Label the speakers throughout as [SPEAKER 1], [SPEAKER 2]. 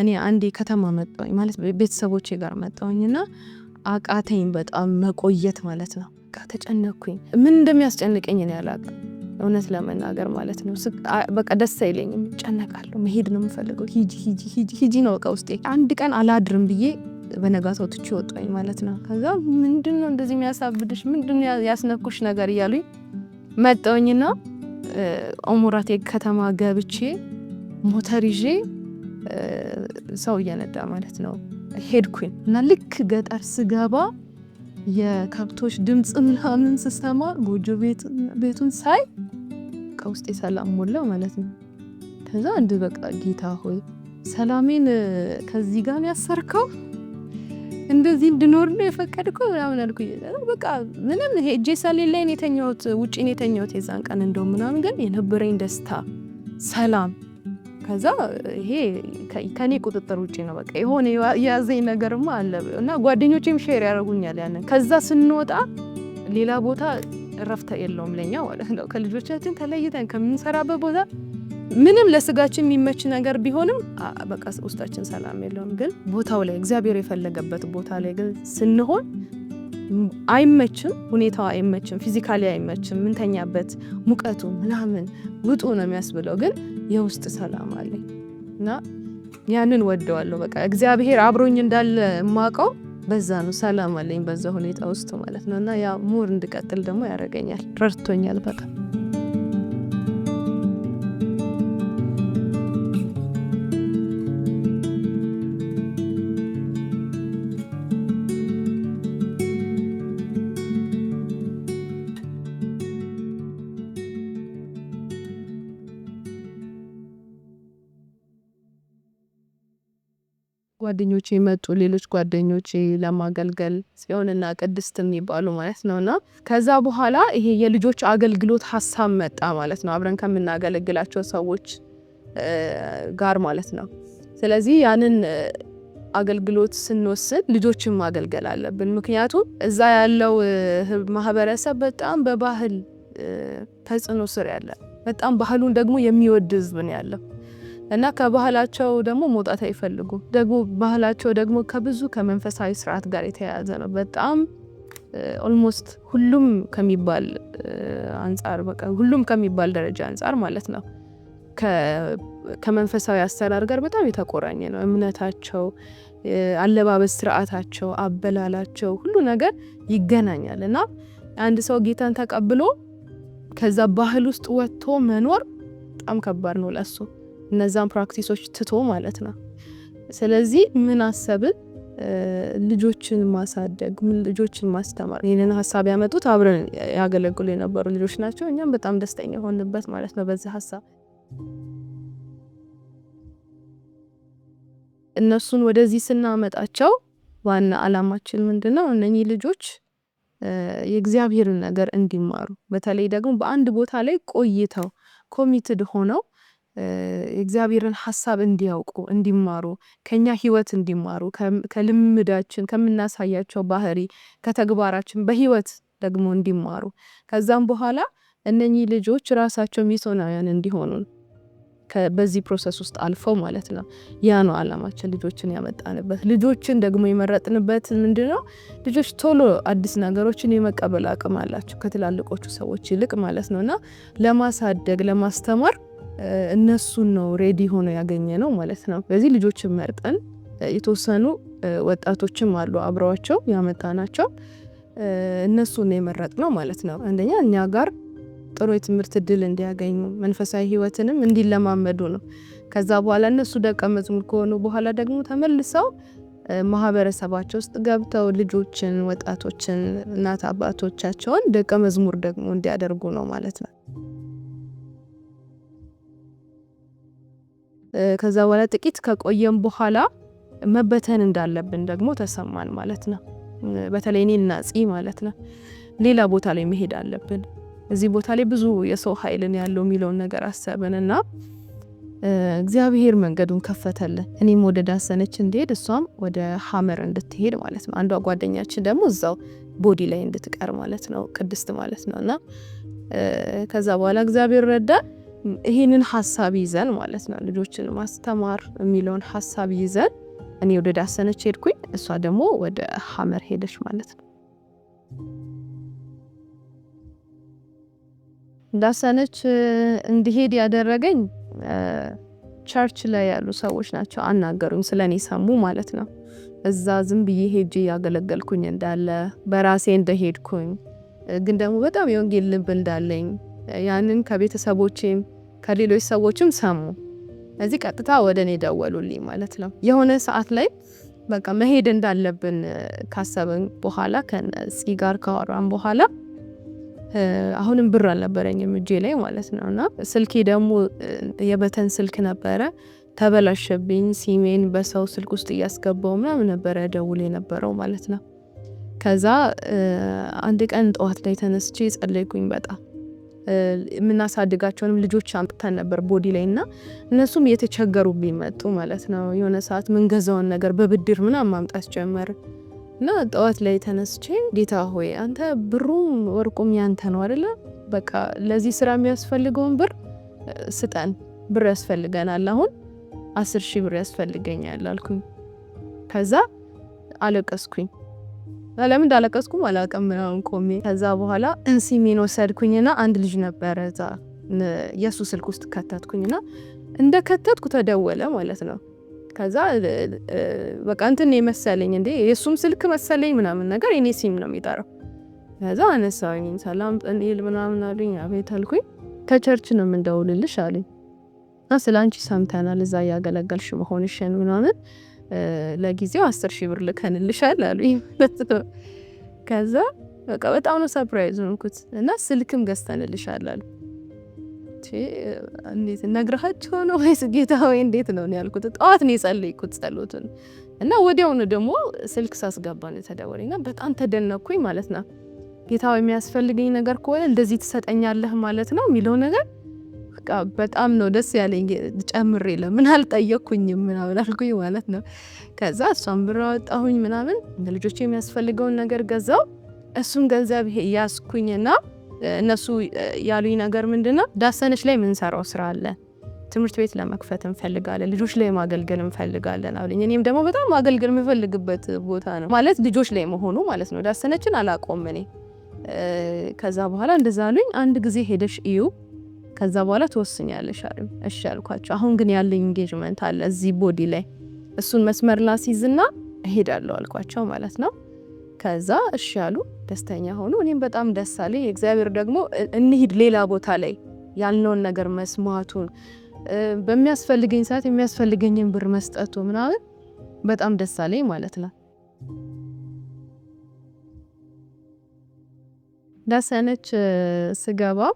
[SPEAKER 1] እኔ አንዴ ከተማ መጣሁኝ ማለት ቤተሰቦቼ ጋር መጣሁኝና አቃተኝ በጣም መቆየት ማለት ነው። ተጨነኩኝ። ምን እንደሚያስጨንቀኝ እኔ አላውቅም፣ እውነት ለመናገር ማለት ነው። በቃ ደስ አይለኝም፣ ጨነቃለሁ። መሄድ ነው የምፈልገው። ሂጂ ሂጂ ሂጂ ሂጂ ነው በቃ ውስጤ። አንድ ቀን አላድርም ብዬ በነጋታው ትቼ ወጣኝ ማለት ነው። ከዛ ምንድን ነው እንደዚህ የሚያሳብድሽ ምንድን ነው ያስነኩሽ ነገር እያሉኝ መጣሁኝና ኦሙራቴ ከተማ ገብቼ ሞተር ይዤ ሰው እየነዳ ማለት ነው ሄድኩኝ እና ልክ ገጠር ስገባ የከብቶች ድምፅ ምናምን ስሰማ ጎጆ ቤቱን ሳይ ከውስጥ የሰላም ሞላ ማለት ነው። ከዛ እንድ በቃ ጌታ ሆይ ሰላሜን ከዚህ ጋር ያሰርከው እንደዚህ እንድኖር ነው የፈቀድከው ምናምን በቃ ምንም ሄጄ ሰሌን ላይ የተኛሁት ውጭን የተኛሁት የዛን ቀን እንደው ምናምን ግን የነበረኝ ደስታ ሰላም ከዛ ይሄ ከኔ ቁጥጥር ውጭ ነው። በቃ የሆነ የያዘኝ ነገርማ አለ እና ጓደኞቼም ሼር ያደርጉኛል ያንን። ከዛ ስንወጣ ሌላ ቦታ እረፍት የለውም ለኛ ማለት ነው። ከልጆቻችን ተለይተን ከምንሰራበት ቦታ ምንም ለስጋችን የሚመች ነገር ቢሆንም በቃ ውስጣችን ሰላም የለውም። ግን ቦታው ላይ እግዚአብሔር የፈለገበት ቦታ ላይ ግን ስንሆን አይመችም፣ ሁኔታው አይመችም፣ ፊዚካሊ አይመችም፣ ምንተኛበት ሙቀቱ ምናምን ውጡ ነው የሚያስብለው ግን የውስጥ ሰላም አለኝ እና ያንን ወደዋለሁ። በቃ እግዚአብሔር አብሮኝ እንዳለ የማውቀው በዛ ነው። ሰላም አለኝ በዛ ሁኔታ ውስጥ ማለት ነው እና ያ ሙር እንድቀጥል ደግሞ ያደርገኛል፣ ረድቶኛል በጣም ጓደኞች የመጡ ሌሎች ጓደኞች ለማገልገል ጽዮንና ቅድስት የሚባሉ ማለት ነው። እና ከዛ በኋላ ይሄ የልጆች አገልግሎት ሀሳብ መጣ ማለት ነው፣ አብረን ከምናገለግላቸው ሰዎች ጋር ማለት ነው። ስለዚህ ያንን አገልግሎት ስንወስድ ልጆችን ማገልገል አለብን። ምክንያቱም እዛ ያለው ማህበረሰብ በጣም በባህል ተጽዕኖ ስር ያለ በጣም ባህሉን ደግሞ የሚወድ ህዝብን ያለው። እና ከባህላቸው ደግሞ መውጣት አይፈልጉም። ደግሞ ባህላቸው ደግሞ ከብዙ ከመንፈሳዊ ስርዓት ጋር የተያያዘ ነው። በጣም ኦልሞስት ሁሉም ከሚባል አንጻር በቃ ሁሉም ከሚባል ደረጃ አንጻር ማለት ነው ከመንፈሳዊ አሰራር ጋር በጣም የተቆራኘ ነው። እምነታቸው፣ አለባበስ ስርዓታቸው፣ አበላላቸው ሁሉ ነገር ይገናኛል እና አንድ ሰው ጌታን ተቀብሎ ከዛ ባህል ውስጥ ወጥቶ መኖር በጣም ከባድ ነው ለሱ። እነዛን ፕራክቲሶች ትቶ ማለት ነው። ስለዚህ ምን አሰብን? ልጆችን ማሳደግ፣ ልጆችን ማስተማር። ይህንን ሀሳብ ያመጡት አብረን ያገለግሉ የነበሩ ልጆች ናቸው። እኛም በጣም ደስተኛ የሆንበት ማለት ነው በዚህ ሀሳብ እነሱን ወደዚህ ስናመጣቸው ዋና አላማችን ምንድነው? እነህ እነኚህ ልጆች የእግዚአብሔርን ነገር እንዲማሩ በተለይ ደግሞ በአንድ ቦታ ላይ ቆይተው ኮሚትድ ሆነው የእግዚአብሔርን ሀሳብ እንዲያውቁ እንዲማሩ ከኛ ህይወት እንዲማሩ ከልምዳችን ከምናሳያቸው ባህሪ ከተግባራችን በህይወት ደግሞ እንዲማሩ ከዛም በኋላ እነኚህ ልጆች ራሳቸው ሚስዮናውያን እንዲሆኑ በዚህ ፕሮሰስ ውስጥ አልፈው ማለት ነው። ያ ነው አላማችን፣ ልጆችን ያመጣንበት። ልጆችን ደግሞ የመረጥንበት ምንድነው? ልጆች ቶሎ አዲስ ነገሮችን የመቀበል አቅም አላቸው ከትላልቆቹ ሰዎች ይልቅ ማለት ነው እና ለማሳደግ ለማስተማር እነሱን ነው ሬዲ ሆኖ ያገኘ ነው ማለት ነው። በዚህ ልጆችን መርጠን የተወሰኑ ወጣቶችም አሉ አብረዋቸው ያመጣ ናቸው እነሱን የመረጥ ነው ማለት ነው። አንደኛ እኛ ጋር ጥሩ የትምህርት እድል እንዲያገኙ መንፈሳዊ ህይወትንም እንዲለማመዱ ነው። ከዛ በኋላ እነሱ ደቀ መዝሙር ከሆኑ በኋላ ደግሞ ተመልሰው ማህበረሰባቸው ውስጥ ገብተው ልጆችን፣ ወጣቶችን፣ እናት አባቶቻቸውን ደቀ መዝሙር ደግሞ እንዲያደርጉ ነው ማለት ነው። ከዛ በኋላ ጥቂት ከቆየም በኋላ መበተን እንዳለብን ደግሞ ተሰማን ማለት ነው። በተለይ እኔ እና ማለት ነው ሌላ ቦታ ላይ መሄድ አለብን፣ እዚህ ቦታ ላይ ብዙ የሰው ኃይልን ያለው የሚለውን ነገር አሰብን እና እግዚአብሔር መንገዱን ከፈተልን። እኔም ወደ ዳሰነች እንድሄድ እሷም ወደ ሀመር እንድትሄድ ማለት ነው። አንዷ ጓደኛችን ደግሞ እዛው ቦዲ ላይ እንድትቀር ማለት ነው፣ ቅድስት ማለት ነው እና ከዛ በኋላ እግዚአብሔር ረዳን። ይህንን ሀሳብ ይዘን ማለት ነው ልጆችን ማስተማር የሚለውን ሀሳብ ይዘን እኔ ወደ ዳሰነች ሄድኩኝ፣ እሷ ደግሞ ወደ ሀመር ሄደች ማለት ነው። ዳሰነች እንዲሄድ ያደረገኝ ቸርች ላይ ያሉ ሰዎች ናቸው። አናገሩኝ፣ ስለ እኔ ሰሙ ማለት ነው። እዛ ዝም ብዬ ሄጄ ያገለገልኩኝ እንዳለ በራሴ እንደሄድኩኝ ግን ደግሞ በጣም የወንጌል ልብ እንዳለኝ ያንን ከቤተሰቦቼም ከሌሎች ሰዎችም ሰሙ። እዚህ ቀጥታ ወደ እኔ ደወሉልኝ ማለት ነው። የሆነ ሰዓት ላይ በቃ መሄድ እንዳለብን ካሰብን በኋላ ከነፂ ጋር ካወራን በኋላ አሁንም ብር አልነበረኝም እጄ ላይ ማለት ነው። እና ስልኬ ደግሞ የበተን ስልክ ነበረ ተበላሸብኝ። ሲሜን በሰው ስልክ ውስጥ እያስገባው ምናምን ነበረ ደውል የነበረው ማለት ነው። ከዛ አንድ ቀን ጠዋት ላይ ተነስቼ ጸለይኩኝ በጣም የምናሳድጋቸውንም ልጆች አምጥተን ነበር ቦዲ ላይ እና እነሱም እየተቸገሩ ቢመጡ ማለት ነው። የሆነ ሰዓት ምንገዛውን ነገር በብድር ምናምን ማምጣት ጀመር እና ጠዋት ላይ ተነስቼ ጌታ ሆይ አንተ ብሩም ወርቁም ያንተ ነው አደለ? በቃ ለዚህ ስራ የሚያስፈልገውን ብር ስጠን፣ ብር ያስፈልገናል። አሁን አስር ሺህ ብር ያስፈልገኛል አልኩኝ። ከዛ አለቀስኩኝ። ለምን እንዳለቀስኩ አላውቅም ምናምን ቆሜ። ከዛ በኋላ እንሲሚን ወሰድኩኝና አንድ ልጅ ነበረ እዛ የእሱ ስልክ ውስጥ ከተትኩኝና እንደ ከተትኩ ተደወለ ማለት ነው። ከዛ በቃ እንትን የመሰለኝ እንዴ የእሱም ስልክ መሰለኝ ምናምን ነገር የኔ ሲም ነው የሚጠራው። ከዛ አነሳኝ። ሰላም ጥንል ምናምን አሉኝ። አቤት አልኩኝ። ከቸርች ነው የምንደውልልሽ አሉኝ። ስለ አንቺ ሰምተናል እዛ እያገለገልሽ መሆንሽን ምናምን ለጊዜው አስር ሺህ ብር ልከንልሻል አሉ። ከዛ በቃ በጣም ነው ሰፕራይዝ ሆንኩት። እና ስልክም ገዝተንልሻል አሉ። እንዴት ነግረሃቸው ነው ወይስ ጌታ ወይ እንዴት ነው ያልኩት። ጠዋት ነው የጸለይኩት ጸሎትን እና ወዲያውኑ ደግሞ ስልክ ሳስገባ ነው የተደወለኝ እና በጣም ተደነኩኝ ማለት ነው። ጌታ የሚያስፈልገኝ ነገር ከሆነ እንደዚህ ትሰጠኛለህ ማለት ነው የሚለው ነገር በቃ በጣም ነው ደስ ያለኝ። ጨምሬ ለምን አልጠየቅኩኝም ምናምን አልኩኝ ማለት ነው። ከዛ እሷን ብር አወጣሁኝ ምናምን ለልጆች የሚያስፈልገውን ነገር ገዛው። እሱም ገንዘብ ያስኩኝና እነሱ ያሉኝ ነገር ምንድነው ዳሰነች ላይ የምንሰራው ስራ አለ ትምህርት ቤት ለመክፈት እንፈልጋለን፣ ልጆች ላይ ማገልገል እንፈልጋለን አሉኝ። እኔም ደግሞ በጣም ማገልገል የምፈልግበት ቦታ ነው ማለት ልጆች ላይ መሆኑ ማለት ነው። ዳሰነችን አላቆም እኔ ከዛ በኋላ እንደዛ አሉኝ። አንድ ጊዜ ሄደሽ እዩ ከዛ በኋላ ትወስኛለሽ አሉኝ። እሺ አልኳቸው። አሁን ግን ያለኝ ኢንጌጅመንት አለ እዚህ ቦዲ ላይ እሱን መስመር ላስይዝና እሄዳለሁ አልኳቸው ማለት ነው። ከዛ እሺ አሉ፣ ደስተኛ ሆኑ። እኔም በጣም ደስ አለኝ። እግዚአብሔር ደግሞ እንሂድ ሌላ ቦታ ላይ ያልነውን ነገር መስማቱን በሚያስፈልገኝ ሰዓት የሚያስፈልገኝን ብር መስጠቱ ምናምን በጣም ደስ አለኝ ማለት ነው። ዳሰነች ስገባው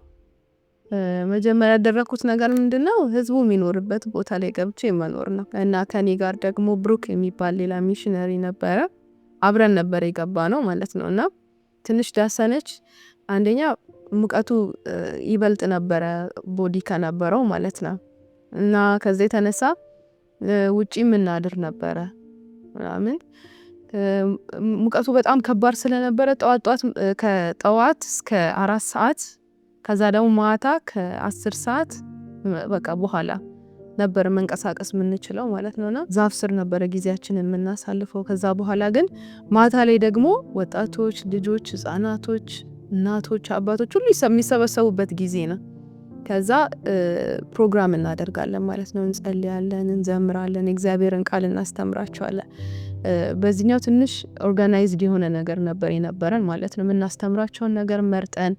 [SPEAKER 1] መጀመሪያ ያደረግኩት ነገር ምንድነው ህዝቡ የሚኖርበት ቦታ ላይ ገብቼ መኖር ነው እና ከኔ ጋር ደግሞ ብሩክ የሚባል ሌላ ሚሽነሪ ነበረ። አብረን ነበር የገባ ነው ማለት ነው። እና ትንሽ ዳሰነች። አንደኛ ሙቀቱ ይበልጥ ነበረ ቦዲ ከነበረው ማለት ነው። እና ከዚ የተነሳ ውጪ የምናድር ነበረ ምናምን ሙቀቱ በጣም ከባድ ስለነበረ ጠዋት ጠዋት ከጠዋት እስከ አራት ሰዓት ከዛ ደግሞ ማታ ከአስር ሰዓት በቃ በኋላ ነበር መንቀሳቀስ የምንችለው ማለት ነውና ዛፍ ስር ነበረ ጊዜያችን የምናሳልፈው። ከዛ በኋላ ግን ማታ ላይ ደግሞ ወጣቶች፣ ልጆች፣ ህፃናቶች፣ እናቶች፣ አባቶች ሁሉ የሚሰበሰቡበት ጊዜ ነው። ከዛ ፕሮግራም እናደርጋለን ማለት ነው። እንጸልያለን፣ እንዘምራለን፣ የእግዚአብሔርን ቃል እናስተምራቸዋለን። በዚህኛው ትንሽ ኦርጋናይዝድ የሆነ ነገር ነበር የነበረን ማለት ነው። የምናስተምራቸውን ነገር መርጠን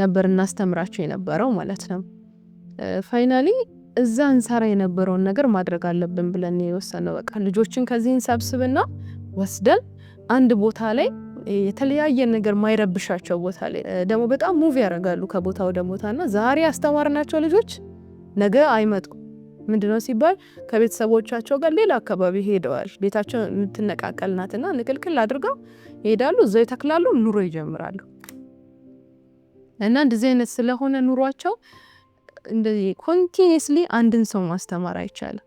[SPEAKER 1] ነበር እናስተምራቸው የነበረው ማለት ነው። ፋይናሊ እዛ እንሰራ የነበረውን ነገር ማድረግ አለብን ብለን የወሰነው በቃ ልጆችን ከዚህ እንሰብስብና ወስደን አንድ ቦታ ላይ የተለያየ ነገር ማይረብሻቸው ቦታ ላይ ደግሞ በጣም ሙቭ ያደርጋሉ ከቦታ ወደ ቦታ እና ዛሬ ያስተማርናቸው ልጆች ነገ አይመጡም። ምንድነው ሲባል ከቤተሰቦቻቸው ጋር ሌላ አካባቢ ሄደዋል። ቤታቸው የምትነቃቀልናትና ንቅልቅል አድርገው ይሄዳሉ፣ እዛው ይተክላሉ፣ ኑሮ ይጀምራሉ። እና እንደዚህ አይነት ስለሆነ ኑሯቸው እንደዚህ ኮንቲኒስሊ አንድን ሰው ማስተማር አይቻልም።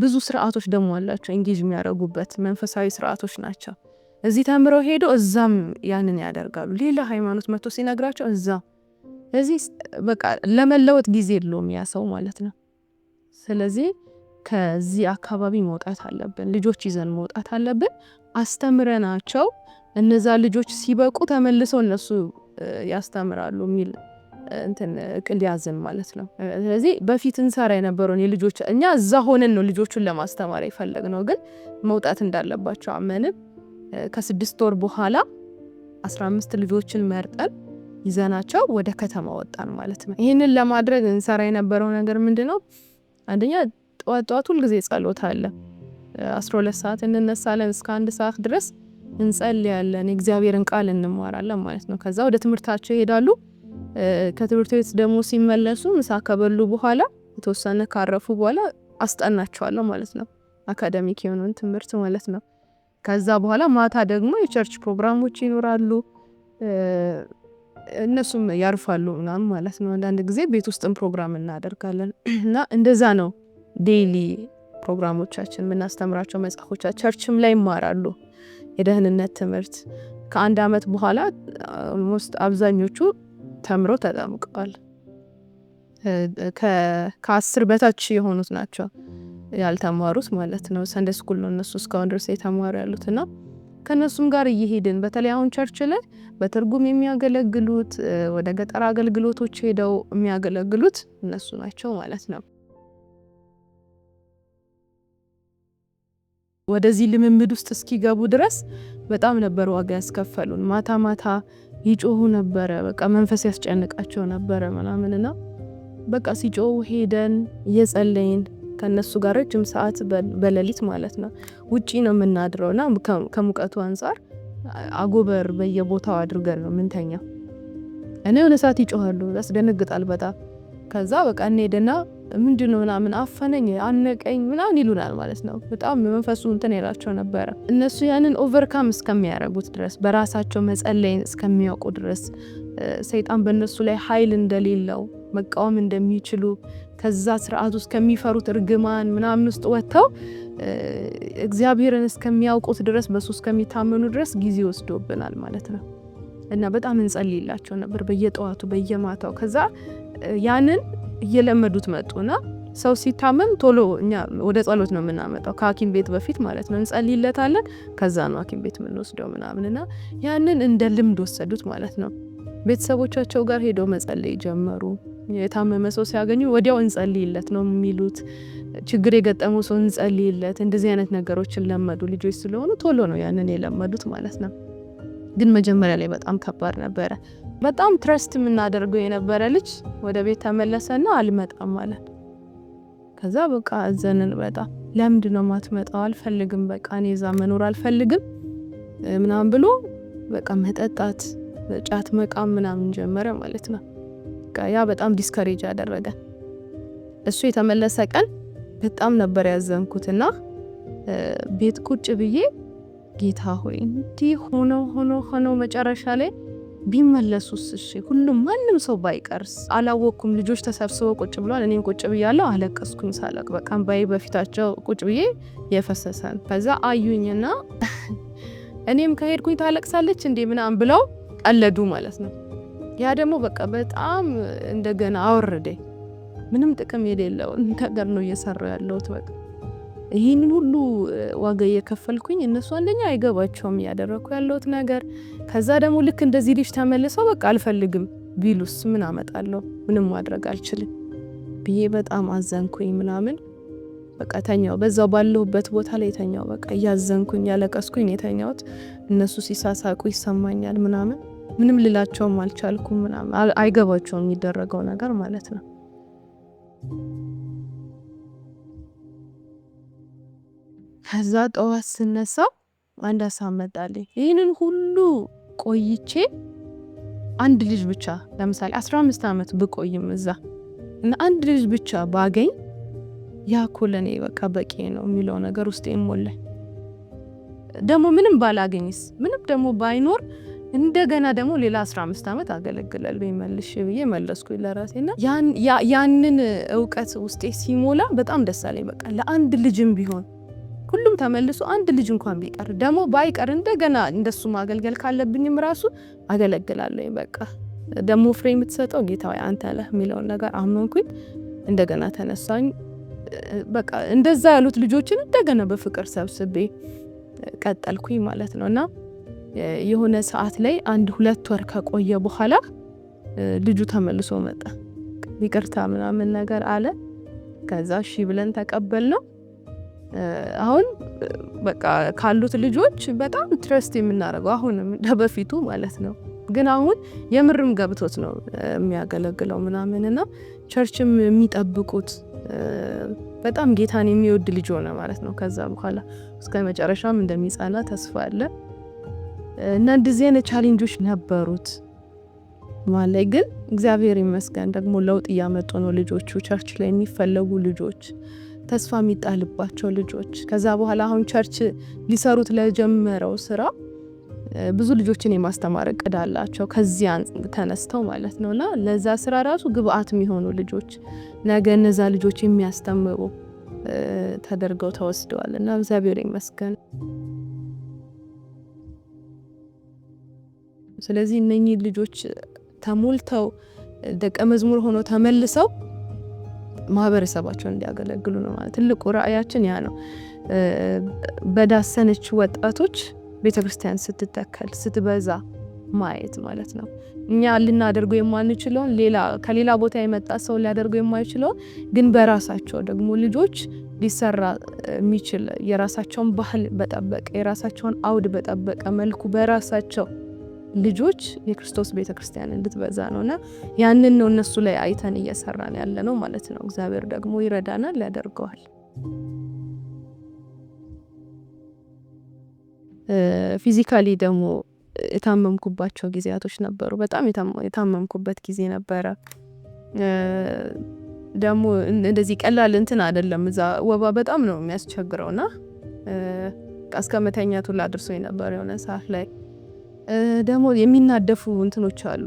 [SPEAKER 1] ብዙ ስርዓቶች ደግሞ አላቸው ኢንጌጅ የሚያደርጉበት መንፈሳዊ ስርዓቶች ናቸው። እዚህ ተምረው ሄዶ እዛም ያንን ያደርጋሉ። ሌላ ሃይማኖት መጥቶ ሲነግራቸው እዛ እዚህ በቃ ለመለወጥ ጊዜ የለውም ያ ሰው ማለት ነው። ስለዚህ ከዚህ አካባቢ መውጣት አለብን። ልጆች ይዘን መውጣት አለብን። አስተምረናቸው እነዛ ልጆች ሲበቁ ተመልሰው እነሱ ያስተምራሉ የሚል እንትን እቅድ ያዝን ማለት ነው። ስለዚህ በፊት እንሰራ የነበረውን የልጆች እኛ እዛ ሆነን ነው ልጆቹን ለማስተማር ነው፣ ግን መውጣት እንዳለባቸው አመንም። ከስድስት ወር በኋላ አስራ አምስት ልጆችን መርጠን ይዘናቸው ወደ ከተማ ወጣን ማለት ነው። ይህንን ለማድረግ እንሰራ የነበረው ነገር ምንድን ነው? አንደኛ ጠዋት ጠዋት ሁልጊዜ ጸሎት አለ። አስራ ሁለት ሰዓት እንነሳለን እስከ አንድ ሰዓት ድረስ እንጸልያለን፣ የእግዚአብሔርን ቃል እንማራለን ማለት ነው። ከዛ ወደ ትምህርታቸው ይሄዳሉ። ከትምህርት ቤት ደግሞ ሲመለሱ ምሳ ከበሉ በኋላ የተወሰነ ካረፉ በኋላ አስጠናቸዋለሁ ማለት ነው። አካደሚክ የሆነውን ትምህርት ማለት ነው። ከዛ በኋላ ማታ ደግሞ የቸርች ፕሮግራሞች ይኖራሉ። እነሱም ያርፋሉ ምናምን ማለት ነው። አንዳንድ ጊዜ ቤት ውስጥም ፕሮግራም እናደርጋለን እና እንደዛ ነው ዴይሊ ፕሮግራሞቻችን የምናስተምራቸው መጽሐፎቻ ቸርችም ላይ ይማራሉ። የደህንነት ትምህርት ከአንድ ዓመት በኋላ ኦልሞስት አብዛኞቹ ተምሮ ተጠምቀዋል። ከአስር በታች የሆኑት ናቸው ያልተማሩት ማለት ነው። ሰንደይ ስኩል ነው እነሱ እስካሁን ድረስ የተማሩ ያሉት እና ከእነሱም ጋር እየሄድን በተለይ አሁን ቸርች ላይ በትርጉም የሚያገለግሉት ወደ ገጠር አገልግሎቶች ሄደው የሚያገለግሉት እነሱ ናቸው ማለት ነው። ወደዚህ ልምምድ ውስጥ እስኪገቡ ድረስ በጣም ነበር ዋጋ ያስከፈሉን። ማታ ማታ ይጮሁ ነበረ። በቃ መንፈስ ያስጨንቃቸው ነበረ ምናምንና በቃ ሲጮሁ ሄደን እየጸለይን ከነሱ ጋር ረጅም ሰዓት በሌሊት ማለት ነው ውጪ ነው የምናድረው እና ከሙቀቱ አንጻር አጎበር በየቦታው አድርገን ነው ምንተኛ እኔ የሆነ ሰዓት ይጮኋሉ፣ ያስደነግጣል በጣም ከዛ በቃ እንሄድና ምንድን ነው ምናምን አፈነኝ፣ አነቀኝ ምናምን ይሉናል ማለት ነው። በጣም መንፈሱ እንትን ይላቸው ነበረ። እነሱ ያንን ኦቨርካም እስከሚያረጉት ድረስ በራሳቸው መጸለይን እስከሚያውቁ ድረስ ሰይጣን በእነሱ ላይ ኃይል እንደሌለው መቃወም እንደሚችሉ ከዛ ስርዓት ውስጥ ከሚፈሩት እርግማን ምናምን ውስጥ ወጥተው እግዚአብሔርን እስከሚያውቁት ድረስ በሱ እስከሚታመኑ ድረስ ጊዜ ወስዶብናል ማለት ነው። እና በጣም እንጸልይላቸው ነበር በየጠዋቱ በየማታው ከዛ ያንን እየለመዱት መጡና ሰው ሲታመም ቶሎ እኛ ወደ ጸሎት ነው የምናመጣው፣ ከሐኪም ቤት በፊት ማለት ነው። እንጸልይለታለን፣ ከዛ ነው ሐኪም ቤት የምንወስደው ምናምንና ያንን እንደ ልምድ ወሰዱት ማለት ነው። ቤተሰቦቻቸው ጋር ሄደው መጸለይ ጀመሩ። የታመመ ሰው ሲያገኙ ወዲያው እንጸልይለት ነው የሚሉት። ችግር የገጠመው ሰው እንጸልይለት። እንደዚህ አይነት ነገሮችን ለመዱ። ልጆች ስለሆኑ ቶሎ ነው ያንን የለመዱት ማለት ነው። ግን መጀመሪያ ላይ በጣም ከባድ ነበረ። በጣም ትረስት የምናደርገው የነበረ ልጅ ወደ ቤት ተመለሰና አልመጣም ማለት ከዛ በቃ እዘንን በጣም ለምንድን ነው ማትመጣው? አልፈልግም በቃ እኔ እዛ መኖር አልፈልግም ምናምን ብሎ በቃ መጠጣት፣ ጫት መቃም ምናምን ጀመረ ማለት ነው። ያ በጣም ዲስከሬጅ አደረገ። እሱ የተመለሰ ቀን በጣም ነበር ያዘንኩትና ቤት ቁጭ ብዬ ጌታ ሆይ እንዲህ ሆኖ ሆኖ ሆኖ መጨረሻ ላይ ቢመለሱስ? እሺ ሁሉም ማንም ሰው ባይቀርስ? አላወቅኩም። ልጆች ተሰብስበው ቁጭ ብለዋል። እኔም ቁጭ ብያለሁ። አለቀስኩኝ። ሳለቅ በቃ እምባዬ በፊታቸው ቁጭ ብዬ የፈሰሰን። ከዛ አዩኝና እኔም ከሄድኩኝ ታለቅሳለች እንዴ ምናምን ብለው ቀለዱ ማለት ነው። ያ ደግሞ በቃ በጣም እንደገና አወረደኝ። ምንም ጥቅም የሌለው ነገር ነው እየሰራው ያለሁት በቃ ይህንን ሁሉ ዋጋ እየከፈልኩኝ እነሱ አንደኛ አይገባቸውም እያደረግኩ ያለሁት ነገር። ከዛ ደግሞ ልክ እንደዚህ ልጅ ተመልሰው በቃ አልፈልግም ቢሉስ ምን አመጣለሁ? ምንም ማድረግ አልችልም ብዬ በጣም አዘንኩኝ ምናምን በቃ ተኛው። በዛው ባለሁበት ቦታ ላይ ተኛው። በቃ እያዘንኩኝ ያለቀስኩኝ የተኛውት እነሱ ሲሳሳቁ ይሰማኛል ምናምን። ምንም ልላቸውም አልቻልኩም ምናምን። አይገባቸውም የሚደረገው ነገር ማለት ነው። ከዛ ጠዋት ስነሳው አንድ ሀሳብ መጣልኝ። ይህንን ሁሉ ቆይቼ አንድ ልጅ ብቻ ለምሳሌ 15 ዓመት ብቆይም እዛ እና አንድ ልጅ ብቻ ባገኝ ያ እኮ ለእኔ በቃ በቂ ነው የሚለው ነገር ውስጥ የሞላኝ ደግሞ ምንም ባላገኝስ ምንም ደግሞ ባይኖር እንደገና ደግሞ ሌላ 15 ዓመት አገለግላለሁ መልሽ ብዬ መለስኩ ለራሴና ያንን እውቀት ውስጤ ሲሞላ በጣም ደስ አለኝ። በቃ ለአንድ ልጅም ቢሆን ሁሉም ተመልሶ አንድ ልጅ እንኳን ቢቀር ደግሞ ባይቀር እንደገና እንደሱ ማገልገል ካለብኝም ራሱ አገለግላለሁ። በቃ ደግሞ ፍሬ የምትሰጠው ጌታ አንተ ለህ የሚለውን ነገር አመንኩኝ። እንደገና ተነሳኝ። በቃ እንደዛ ያሉት ልጆችን እንደገና በፍቅር ሰብስቤ ቀጠልኩኝ ማለት ነው እና የሆነ ሰዓት ላይ አንድ ሁለት ወር ከቆየ በኋላ ልጁ ተመልሶ መጣ። ይቅርታ ምናምን ነገር አለ። ከዛ እሺ ብለን ተቀበል ነው አሁን በቃ ካሉት ልጆች በጣም ትረስት የምናደርገው አሁንም እንደ በፊቱ ማለት ነው። ግን አሁን የምርም ገብቶት ነው የሚያገለግለው ምናምን እና ቸርችም የሚጠብቁት በጣም ጌታን የሚወድ ልጅ ሆነ ማለት ነው። ከዛ በኋላ እስከ መጨረሻም እንደሚጸና ተስፋ አለ እና እንደዚህ አይነት ቻሌንጆች ነበሩት ማለት ግን እግዚአብሔር ይመስገን ደግሞ ለውጥ እያመጡ ነው ልጆቹ ቸርች ላይ የሚፈለጉ ልጆች ተስፋ የሚጣልባቸው ልጆች ከዛ በኋላ አሁን ቸርች ሊሰሩት ለጀመረው ስራ ብዙ ልጆችን የማስተማር እቅድ አላቸው። ከዚያ ተነስተው ማለት እና ለዛ ስራ ራሱ ግብአት የሚሆኑ ልጆች ነገ እነዛ ልጆች የሚያስተምሩ ተደርገው ተወስደዋል እና እግዚአብሔር ይመስገን። ስለዚህ እነኚህ ልጆች ተሞልተው ደቀ መዝሙር ሆኖ ተመልሰው ማህበረሰባቸውን እንዲያገለግሉ ነው ማለት ትልቁ ራእያችን ያ ነው። በዳሰነች ወጣቶች ቤተክርስቲያን ስትተከል ስትበዛ ማየት ማለት ነው። እኛ ልናደርገው የማንችለውን ሌላ ከሌላ ቦታ የመጣ ሰው ሊያደርገው የማይችለውን ግን በራሳቸው ደግሞ ልጆች ሊሰራ የሚችል የራሳቸውን ባህል በጠበቀ የራሳቸውን አውድ በጠበቀ መልኩ በራሳቸው ልጆች የክርስቶስ ቤተ ክርስቲያን እንድትበዛ ነው እና ያንን ነው እነሱ ላይ አይተን እየሰራን ያለ ነው ማለት ነው። እግዚአብሔር ደግሞ ይረዳናል፣ ያደርገዋል። ፊዚካሊ ደግሞ የታመምኩባቸው ጊዜያቶች ነበሩ። በጣም የታመምኩበት ጊዜ ነበረ። ደግሞ እንደዚህ ቀላል እንትን አይደለም። እዛ ወባ በጣም ነው የሚያስቸግረውና እስከ መተኛቱ ላድርሶ የነበረ የሆነ ሰዓት ላይ ደግሞ የሚናደፉ እንትኖች አሉ፣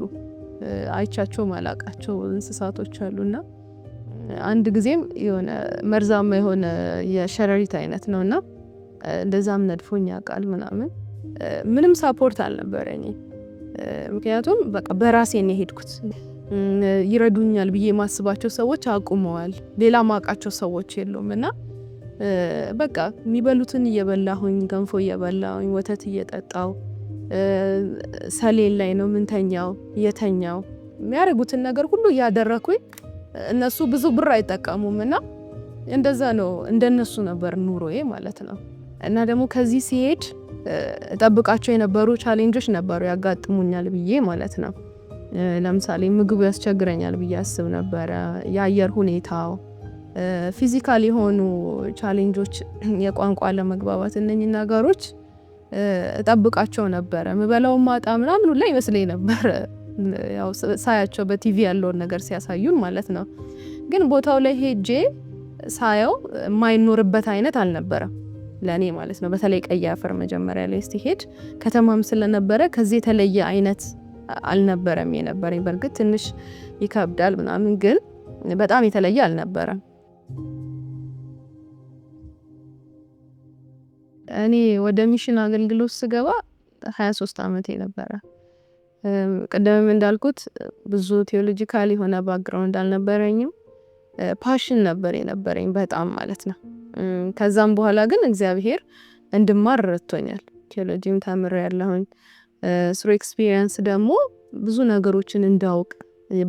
[SPEAKER 1] አይቻቸው ማላቃቸው እንስሳቶች አሉ እና አንድ ጊዜም የሆነ መርዛማ የሆነ የሸረሪት አይነት ነው እና እንደዛም ነድፎኝ ያውቃል ምናምን። ምንም ሳፖርት አልነበረኝ፣ ምክንያቱም በቃ በራሴ ነው የሄድኩት። ይረዱኛል ብዬ የማስባቸው ሰዎች አቁመዋል። ሌላ ማውቃቸው ሰዎች የሉም እና በቃ የሚበሉትን እየበላሁኝ ገንፎ እየበላሁኝ ወተት እየጠጣው ሰሌን ላይ ነው ምንተኛው የተኛው የሚያደርጉትን ነገር ሁሉ እያደረኩኝ እነሱ ብዙ ብር አይጠቀሙም እና እንደዛ ነው እንደነሱ ነበር ኑሮዬ ማለት ነው። እና ደግሞ ከዚህ ሲሄድ እጠብቃቸው የነበሩ ቻሌንጆች ነበሩ ያጋጥሙኛል ብዬ ማለት ነው። ለምሳሌ ምግቡ ያስቸግረኛል ብዬ አስብ ነበረ። የአየር ሁኔታው፣ ፊዚካል የሆኑ ቻሌንጆች፣ የቋንቋ ለመግባባት እነኝ ነገሮች እጠብቃቸው ነበረ። ምበላው ማጣ ምናምን ላይ ይመስለኝ ነበረ፣ ያው ሳያቸው በቲቪ ያለውን ነገር ሲያሳዩን ማለት ነው። ግን ቦታው ላይ ሄጄ ሳየው የማይኖርበት አይነት አልነበረም ለእኔ ማለት ነው። በተለይ ቀይ አፈር መጀመሪያ ላይ ስትሄድ ከተማም ስለነበረ ከዚህ የተለየ አይነት አልነበረም የነበረኝ። በእርግጥ ትንሽ ይከብዳል ምናምን፣ ግን በጣም የተለየ አልነበረም። እኔ ወደ ሚሽን አገልግሎት ስገባ ሀያ ሶስት አመቴ ነበረ። ቅድምም እንዳልኩት ብዙ ቴዎሎጂካል የሆነ ባክግራውንድ አልነበረኝም። ፓሽን ነበር የነበረኝ በጣም ማለት ነው። ከዛም በኋላ ግን እግዚአብሔር እንድማር ረድቶኛል። ቴዎሎጂም ተምሬ ያለሁኝ ስሩ ኤክስፒሪየንስ ደግሞ ብዙ ነገሮችን እንዳውቅ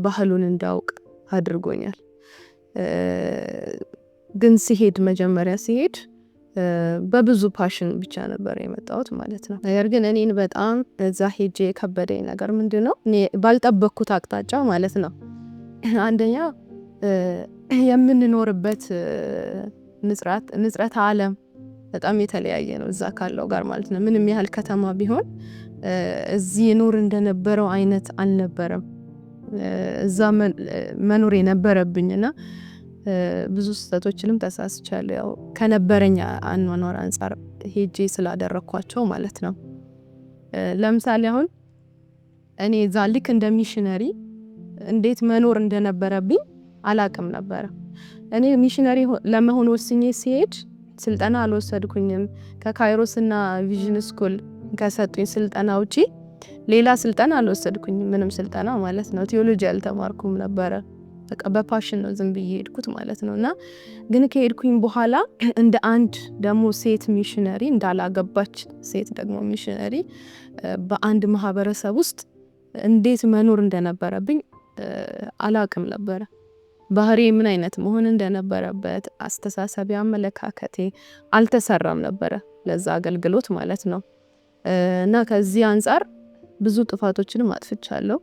[SPEAKER 1] ባህሉን እንዳውቅ አድርጎኛል። ግን ሲሄድ መጀመሪያ ሲሄድ በብዙ ፓሽን ብቻ ነበር የመጣሁት ማለት ነው። ነገር ግን እኔን በጣም እዛ ሄጄ የከበደኝ ነገር ምንድን ነው ባልጠበኩት አቅጣጫ ማለት ነው። አንደኛ የምንኖርበት ንጽረተ ዓለም በጣም የተለያየ ነው እዛ ካለው ጋር ማለት ነው። ምንም ያህል ከተማ ቢሆን እዚህ ኑር እንደነበረው አይነት አልነበረም እዛ መኖር የነበረብኝና ብዙ ስህተቶችንም ተሳስቻለሁ። ያው ከነበረኝ አኗኗር አንጻር ሄጄ ስላደረግኳቸው ማለት ነው። ለምሳሌ አሁን እኔ እዛ ልክ እንደ ሚሽነሪ እንዴት መኖር እንደነበረብኝ አላቅም ነበረ። እኔ ሚሽነሪ ለመሆን ወስኜ ሲሄድ ስልጠና አልወሰድኩኝም። ከካይሮስና ቪዥን ስኩል ከሰጡኝ ስልጠና ውጪ ሌላ ስልጠና አልወሰድኩኝም። ምንም ስልጠና ማለት ነው። ቴዎሎጂ አልተማርኩም ነበረ። በቃ በፓሽን ነው ዝም ብዬ ሄድኩት ማለት ነው። እና ግን ከሄድኩኝ በኋላ እንደ አንድ ደግሞ ሴት ሚሽነሪ እንዳላገባች ሴት ደግሞ ሚሽነሪ በአንድ ማህበረሰብ ውስጥ እንዴት መኖር እንደነበረብኝ አላቅም ነበረ። ባህሪ ምን አይነት መሆን እንደነበረበት አስተሳሰቢ፣ አመለካከቴ አልተሰራም ነበረ ለዛ አገልግሎት ማለት ነው። እና ከዚህ አንጻር ብዙ ጥፋቶችንም አጥፍቻለሁ።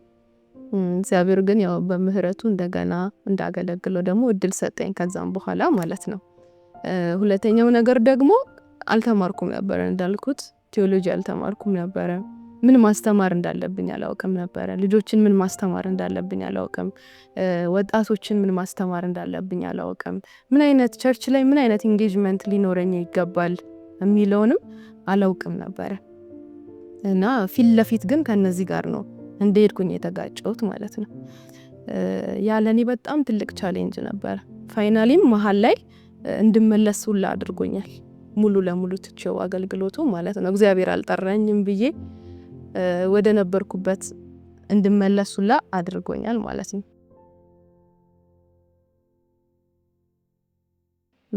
[SPEAKER 1] እግዚአብሔር ግን ያው በምህረቱ እንደገና እንዳገለግለው ደግሞ እድል ሰጠኝ ከዛም በኋላ ማለት ነው። ሁለተኛው ነገር ደግሞ አልተማርኩም ነበረ እንዳልኩት ቴዎሎጂ አልተማርኩም ነበረ። ምን ማስተማር እንዳለብኝ አላውቅም ነበረ። ልጆችን ምን ማስተማር እንዳለብኝ አላውቅም። ወጣቶችን ምን ማስተማር እንዳለብኝ አላውቅም። ምን አይነት ቸርች ላይ ምን አይነት ኢንጌጅመንት ሊኖረኝ ይገባል የሚለውንም አላውቅም ነበረ እና ፊት ለፊት ግን ከነዚህ ጋር ነው እንደሄድኩኝ የተጋጨሁት ማለት ነው። ያ ለእኔ በጣም ትልቅ ቻሌንጅ ነበረ። ፋይናሊም መሀል ላይ እንድመለስ ሁላ አድርጎኛል። ሙሉ ለሙሉ ትቼው አገልግሎቱ ማለት ነው። እግዚአብሔር አልጠራኝም ብዬ ወደ ነበርኩበት እንድመለስ ሁላ አድርጎኛል ማለት ነው።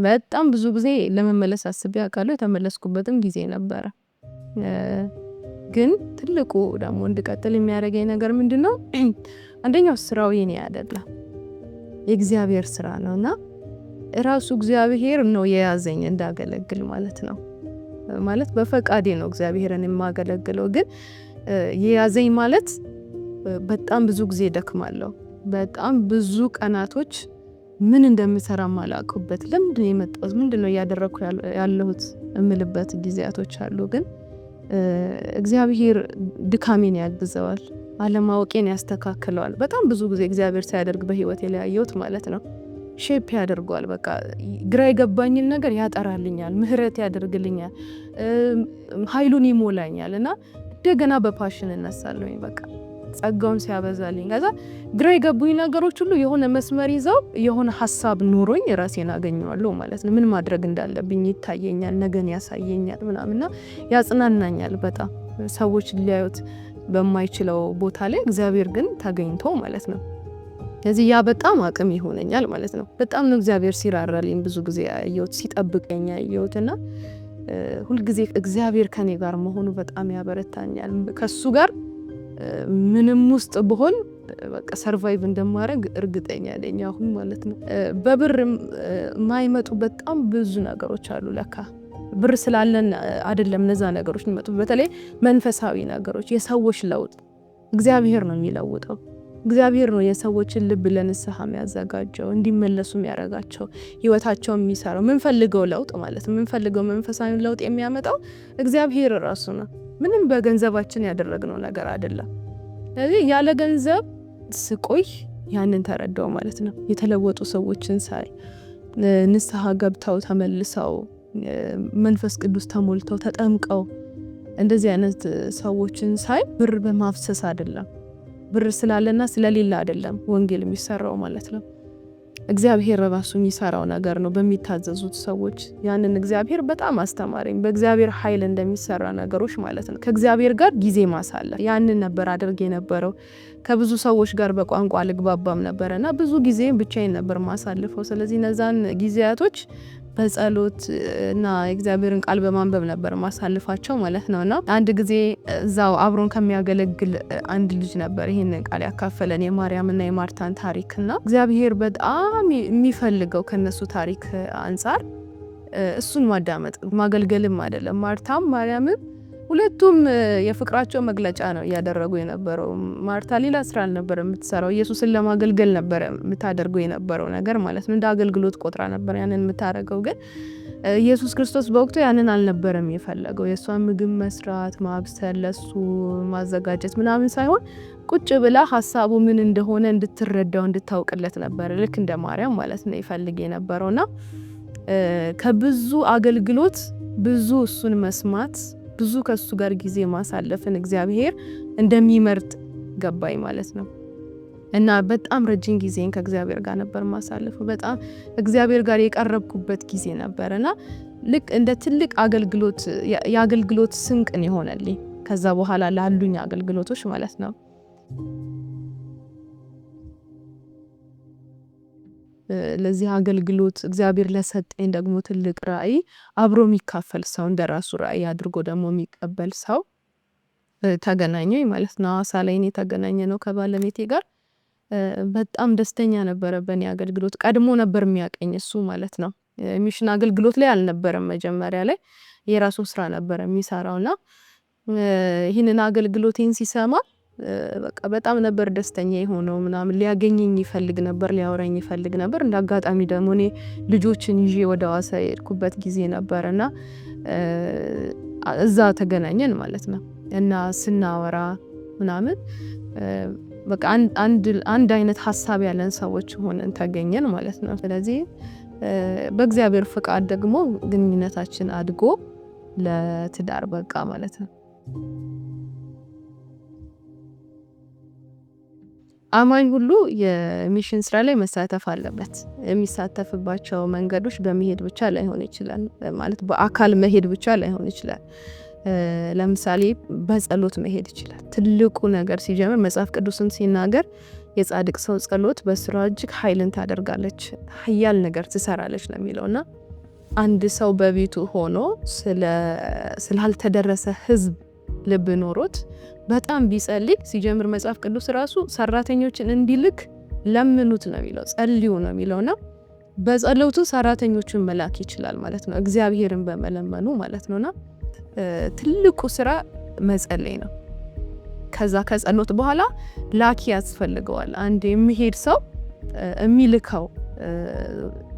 [SPEAKER 1] በጣም ብዙ ጊዜ ለመመለስ አስቤ አውቃለሁ። የተመለስኩበትም ጊዜ ነበረ። ግን ትልቁ ደግሞ እንድቀጥል የሚያደርገኝ ነገር ምንድን ነው? አንደኛው ስራው የኔ አይደለም የእግዚአብሔር ስራ ነው እና እራሱ እግዚአብሔር ነው የያዘኝ እንዳገለግል ማለት ነው። ማለት በፈቃዴ ነው እግዚአብሔርን የማገለግለው። ግን የያዘኝ ማለት በጣም ብዙ ጊዜ ደክማለሁ። በጣም ብዙ ቀናቶች ምን እንደምሰራ ማላውቅበት ለምንድን ነው የመጣሁት ምንድን ነው እያደረግኩ ያለሁት የምልበት ጊዜያቶች አሉ ግን እግዚአብሔር ድካሜን ያግዘዋል፣ አለማወቄን ያስተካክለዋል። በጣም ብዙ ጊዜ እግዚአብሔር ሳያደርግ በህይወት የለያየሁት ማለት ነው ሼፕ ያደርገዋል። በቃ ግራ የገባኝን ነገር ያጠራልኛል፣ ምህረት ያደርግልኛል፣ ሀይሉን ይሞላኛል እና እንደገና በፓሽን እነሳለ በቃ ጸጋውን ሲያበዛልኝ ከዛ ግራ የገቡኝ ነገሮች ሁሉ የሆነ መስመር ይዘው የሆነ ሀሳብ ኑሮኝ ራሴን አገኘዋለሁ ማለት ነው። ምን ማድረግ እንዳለብኝ ይታየኛል፣ ነገን ያሳየኛል ምናምና ያጽናናኛል በጣም ሰዎች ሊያዩት በማይችለው ቦታ ላይ እግዚአብሔር ግን ተገኝቶ ማለት ነው። ስለዚህ ያ በጣም አቅም ይሆነኛል ማለት ነው። በጣም ነው እግዚአብሔር ሲራራልኝ ብዙ ጊዜ ያየሁት ሲጠብቀኝ ያየሁት እና ሁልጊዜ እግዚአብሔር ከኔ ጋር መሆኑ በጣም ያበረታኛል ከሱ ጋር ምንም ውስጥ ብሆን በቃ ሰርቫይቭ እንደማድረግ እርግጠኛ ነኝ አሁን ማለት ነው። በብር የማይመጡ በጣም ብዙ ነገሮች አሉ ለካ ብር ስላለን አይደለም እነዛ ነገሮች የሚመጡ። በተለይ መንፈሳዊ ነገሮች፣ የሰዎች ለውጥ እግዚአብሔር ነው የሚለውጠው። እግዚአብሔር ነው የሰዎችን ልብ ለንስሐ የሚያዘጋጀው እንዲመለሱ የሚያረጋቸው ህይወታቸው የሚሰራው የምንፈልገው ለውጥ ማለት ነው። የምንፈልገው መንፈሳዊ ለውጥ የሚያመጣው እግዚአብሔር ራሱ ነው። ምንም በገንዘባችን ያደረግነው ነገር አይደለም። ስለዚህ ያለ ገንዘብ ስቆይ ያንን ተረዳው ማለት ነው። የተለወጡ ሰዎችን ሳይ ንስሐ ገብተው ተመልሰው መንፈስ ቅዱስ ተሞልተው ተጠምቀው እንደዚህ አይነት ሰዎችን ሳይ ብር በማፍሰስ አይደለም፣ ብር ስላለና ስለሌለ አይደለም ወንጌል የሚሰራው ማለት ነው። እግዚአብሔር ራሱ የሚሰራው ነገር ነው በሚታዘዙት ሰዎች። ያንን እግዚአብሔር በጣም አስተማረኝ፣ በእግዚአብሔር ኃይል እንደሚሰራ ነገሮች ማለት ነው። ከእግዚአብሔር ጋር ጊዜ ማሳለፍ ያንን ነበር አድርግ የነበረው። ከብዙ ሰዎች ጋር በቋንቋ አልግባባም ነበረ እና ብዙ ጊዜ ብቻዬን ነበር ማሳልፈው። ስለዚህ እነዛን ጊዜያቶች በጸሎት እና የእግዚአብሔርን ቃል በማንበብ ነበር ማሳልፋቸው ማለት ነው። እና አንድ ጊዜ እዛው አብሮን ከሚያገለግል አንድ ልጅ ነበር ይህን ቃል ያካፈለን የማርያምና የማርታን ታሪክ እና እግዚአብሔር በጣም የሚፈልገው ከነሱ ታሪክ አንጻር እሱን ማዳመጥ ማገልገልም አይደለም ማርታም ማርያምም ሁለቱም የፍቅራቸው መግለጫ ነው እያደረጉ የነበረው። ማርታ ሌላ ስራ አልነበረ የምትሰራው፣ ኢየሱስን ለማገልገል ነበረ የምታደርገው የነበረው ነገር ማለት ነው። እንደ አገልግሎት ቆጥራ ነበር ያንን የምታደርገው። ግን ኢየሱስ ክርስቶስ በወቅቱ ያንን አልነበረም የፈለገው። የእሷን ምግብ መስራት፣ ማብሰል፣ ለሱ ማዘጋጀት ምናምን ሳይሆን ቁጭ ብላ ሀሳቡ ምን እንደሆነ እንድትረዳው እንድታውቅለት ነበረ። ልክ እንደ ማርያም ማለት ነው ይፈልግ የነበረውና ከብዙ አገልግሎት ብዙ እሱን መስማት ብዙ ከሱ ጋር ጊዜ ማሳለፍን እግዚአብሔር እንደሚመርጥ ገባኝ ማለት ነው። እና በጣም ረጅም ጊዜን ከእግዚአብሔር ጋር ነበር ማሳለፈው። በጣም እግዚአብሔር ጋር የቀረብኩበት ጊዜ ነበር እና ልክ እንደ ትልቅ አገልግሎት የአገልግሎት ስንቅን የሆነልኝ ከዛ በኋላ ላሉኝ አገልግሎቶች ማለት ነው። ለዚህ አገልግሎት እግዚአብሔር ለሰጠኝ ደግሞ ትልቅ ራእይ አብሮ የሚካፈል ሰው እንደ ራሱ ራእይ አድርጎ ደግሞ የሚቀበል ሰው ተገናኘኝ ማለት ነው። ሐዋሳ ላይ እኔ የተገናኘ ነው ከባለቤቴ ጋር። በጣም ደስተኛ ነበረ በእኔ አገልግሎት። ቀድሞ ነበር የሚያቀኝ እሱ ማለት ነው። ሚሽን አገልግሎት ላይ አልነበረም መጀመሪያ ላይ የራሱ ስራ ነበረ የሚሰራውና ይህንን አገልግሎቴን ሲሰማ በቃ በጣም ነበር ደስተኛ የሆነው ምናምን ሊያገኘኝ ይፈልግ ነበር፣ ሊያወራኝ ይፈልግ ነበር። እንደ አጋጣሚ ደግሞ እኔ ልጆችን ይዤ ወደ ሐዋሳ የሄድኩበት ጊዜ ነበር እና እዛ ተገናኘን ማለት ነው እና ስናወራ ምናምን በቃ አንድ አይነት ሀሳብ ያለን ሰዎች ሆነን ተገኘን ማለት ነው። ስለዚህ በእግዚአብሔር ፍቃድ ደግሞ ግንኙነታችን አድጎ ለትዳር በቃ ማለት ነው። አማኝ ሁሉ የሚሽን ስራ ላይ መሳተፍ አለበት። የሚሳተፍባቸው መንገዶች በመሄድ ብቻ ላይሆን ይችላል ማለት በአካል መሄድ ብቻ ላይሆን ይችላል። ለምሳሌ በጸሎት መሄድ ይችላል። ትልቁ ነገር ሲጀምር መጽሐፍ ቅዱስን ሲናገር የጻድቅ ሰው ጸሎት በስራ እጅግ ኃይልን ታደርጋለች፣ ሀያል ነገር ትሰራለች ነው እና አንድ ሰው በቤቱ ሆኖ ስላልተደረሰ ህዝብ ልብ ኖሮት በጣም ቢጸልይ ሲጀምር መጽሐፍ ቅዱስ ራሱ ሰራተኞችን እንዲልክ ለምኑት ነው የሚለው፣ ጸልዩ ነው የሚለው ነው። በጸሎቱ ሰራተኞቹን መላክ ይችላል ማለት ነው። እግዚአብሔርን በመለመኑ ማለት ነውና ትልቁ ስራ መጸለይ ነው። ከዛ ከጸሎት በኋላ ላኪ ያስፈልገዋል። አንድ የሚሄድ ሰው የሚልከው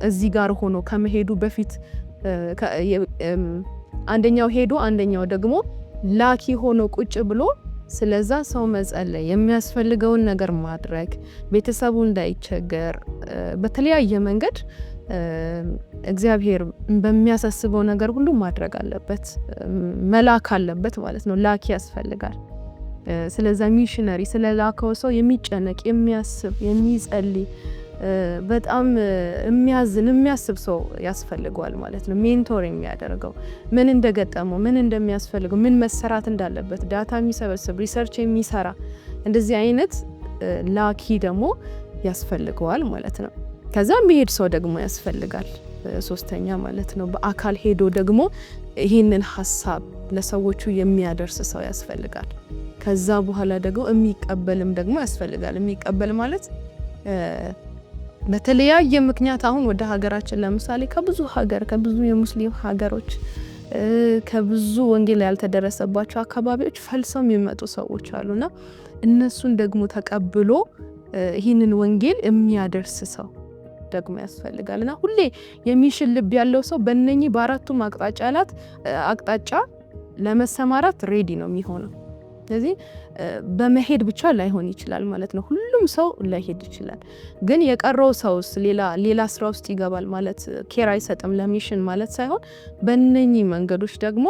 [SPEAKER 1] እዚህ ጋር ሆኖ ከመሄዱ በፊት አንደኛው ሄዶ አንደኛው ደግሞ ላኪ ሆኖ ቁጭ ብሎ ስለዛ ሰው መጸለይ፣ የሚያስፈልገውን ነገር ማድረግ፣ ቤተሰቡ እንዳይቸገር በተለያየ መንገድ እግዚአብሔር በሚያሳስበው ነገር ሁሉ ማድረግ አለበት፣ መላክ አለበት ማለት ነው። ላኪ ያስፈልጋል። ስለዛ ሚሽነሪ ስለላከው ሰው የሚጨነቅ የሚያስብ የሚጸልይ በጣም የሚያዝን የሚያስብ ሰው ያስፈልገዋል ማለት ነው። ሜንቶር የሚያደርገው ምን እንደገጠመው፣ ምን እንደሚያስፈልገው፣ ምን መሰራት እንዳለበት ዳታ የሚሰበስብ ሪሰርች የሚሰራ እንደዚህ አይነት ላኪ ደግሞ ያስፈልገዋል ማለት ነው። ከዛ የሚሄድ ሰው ደግሞ ያስፈልጋል ሶስተኛ ማለት ነው። በአካል ሄዶ ደግሞ ይህንን ሀሳብ ለሰዎቹ የሚያደርስ ሰው ያስፈልጋል። ከዛ በኋላ ደግሞ የሚቀበልም ደግሞ ያስፈልጋል። የሚቀበል ማለት በተለያየ ምክንያት አሁን ወደ ሀገራችን ለምሳሌ ከብዙ ሀገር ከብዙ የሙስሊም ሀገሮች ከብዙ ወንጌል ያልተደረሰባቸው አካባቢዎች ፈልሰው የሚመጡ ሰዎች አሉና እነሱን ደግሞ ተቀብሎ ይህንን ወንጌል የሚያደርስ ሰው ደግሞ ያስፈልጋል እና ሁሌ የሚሽል ልብ ያለው ሰው በነኚህ በአራቱም አቅጣጫ ላት አቅጣጫ ለመሰማራት ሬዲ ነው የሚሆነው። ስለዚህ በመሄድ ብቻ ላይሆን ይችላል ማለት ነው። ሁሉም ሰው ላይሄድ ይችላል። ግን የቀረው ሰውስ ሌላ ሌላ ስራ ውስጥ ይገባል ማለት ኬር አይሰጥም ለሚሽን ማለት ሳይሆን በእነኚህ መንገዶች ደግሞ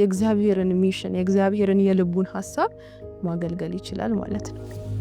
[SPEAKER 1] የእግዚአብሔርን ሚሽን የእግዚአብሔርን የልቡን ሀሳብ ማገልገል ይችላል ማለት ነው።